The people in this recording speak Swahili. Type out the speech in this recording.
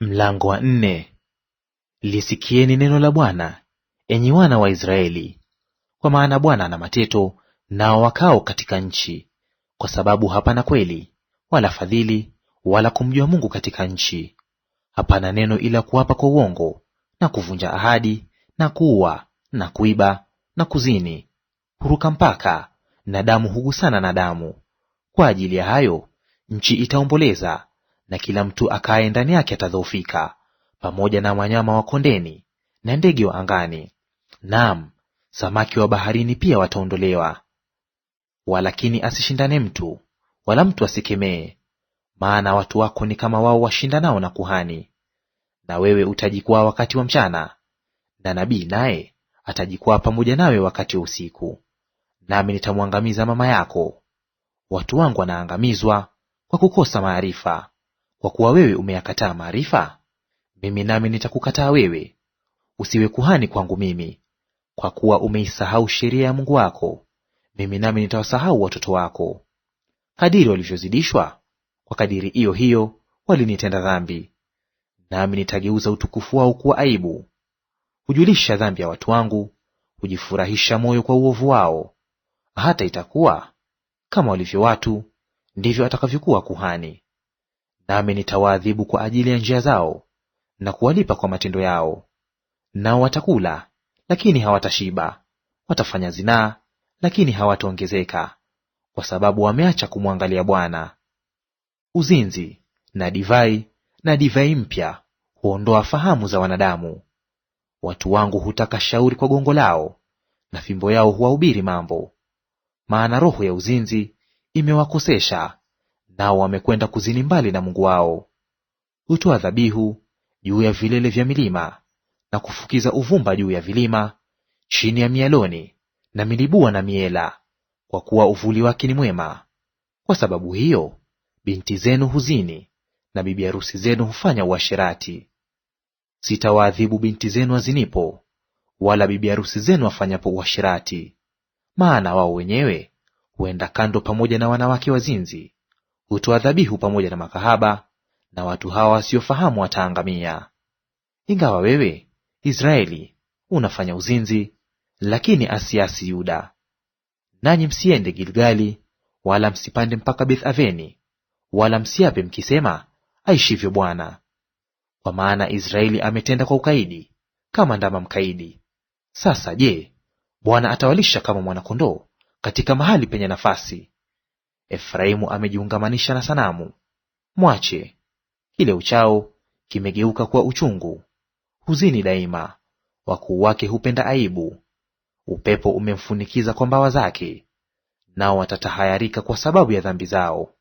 Mlango wa nne. Lisikieni neno la Bwana, enyi wana wa Israeli. Kwa maana Bwana ana mateto nao wakao katika nchi, kwa sababu hapana kweli wala fadhili wala kumjua Mungu katika nchi. Hapana neno ila kuapa kwa uongo na kuvunja ahadi na kuua na kuiba na kuzini, huruka mpaka, na damu hugusana na damu. Kwa ajili ya hayo nchi itaomboleza na kila mtu akaye ndani yake atadhoofika, pamoja na wanyama wa kondeni na ndege wa angani; naam, samaki wa baharini pia wataondolewa. Walakini asishindane mtu, wala mtu asikemee, maana watu wako ni kama wao washindanao na kuhani. Na wewe utajikwaa wakati wa mchana, na nabii naye atajikwaa pamoja nawe wakati wa usiku. Nami nitamwangamiza mama yako; watu wangu wanaangamizwa kwa kukosa maarifa. Kwa kuwa wewe umeyakataa maarifa, mimi nami nitakukataa wewe, usiwe kuhani kwangu mimi. Kwa kuwa umeisahau sheria ya Mungu wako, mimi nami nitawasahau watoto wako. Kadiri walivyozidishwa, kwa kadiri iyo hiyo walinitenda dhambi, nami nitageuza utukufu wao kuwa aibu. Hujulisha dhambi ya watu wangu, hujifurahisha moyo kwa uovu wao. Hata itakuwa kama walivyo watu, ndivyo atakavyokuwa kuhani nami nitawaadhibu kwa ajili ya njia zao na kuwalipa kwa matendo yao. Nao watakula lakini hawatashiba, watafanya zinaa lakini hawataongezeka, kwa sababu wameacha kumwangalia Bwana. Uzinzi na divai na divai mpya huondoa fahamu za wanadamu. Watu wangu hutaka shauri kwa gongo lao, na fimbo yao huwahubiri mambo. Maana roho ya uzinzi imewakosesha nao wamekwenda kuzini mbali na Mungu wao. Hutoa dhabihu juu ya vilele vya milima na kufukiza uvumba juu ya vilima, chini ya mialoni na milibua na miela, kwa kuwa uvuli wake ni mwema. Kwa sababu hiyo binti zenu huzini na bibi harusi zenu hufanya uasherati. Sitawaadhibu binti zenu azinipo, wala bibi harusi zenu afanyapo uasherati, maana wao wenyewe huenda kando pamoja na wanawake wazinzi hutoa dhabihu pamoja na makahaba, na watu hawa wasiofahamu wataangamia. Ingawa wewe Israeli unafanya uzinzi, lakini asiasi Yuda. Nanyi msiende Gilgali, wala msipande mpaka Beth Aveni, wala msiape mkisema, aishivyo Bwana. Kwa maana Israeli ametenda kwa ukaidi kama ndama mkaidi. Sasa je, Bwana atawalisha kama mwanakondoo katika mahali penye nafasi, Efraimu amejiungamanisha na sanamu. Mwache; kile uchao kimegeuka kuwa uchungu. Huzini daima, wakuu wake hupenda aibu. Upepo umemfunikiza kwa mbawa zake, nao watatahayarika kwa sababu ya dhambi zao.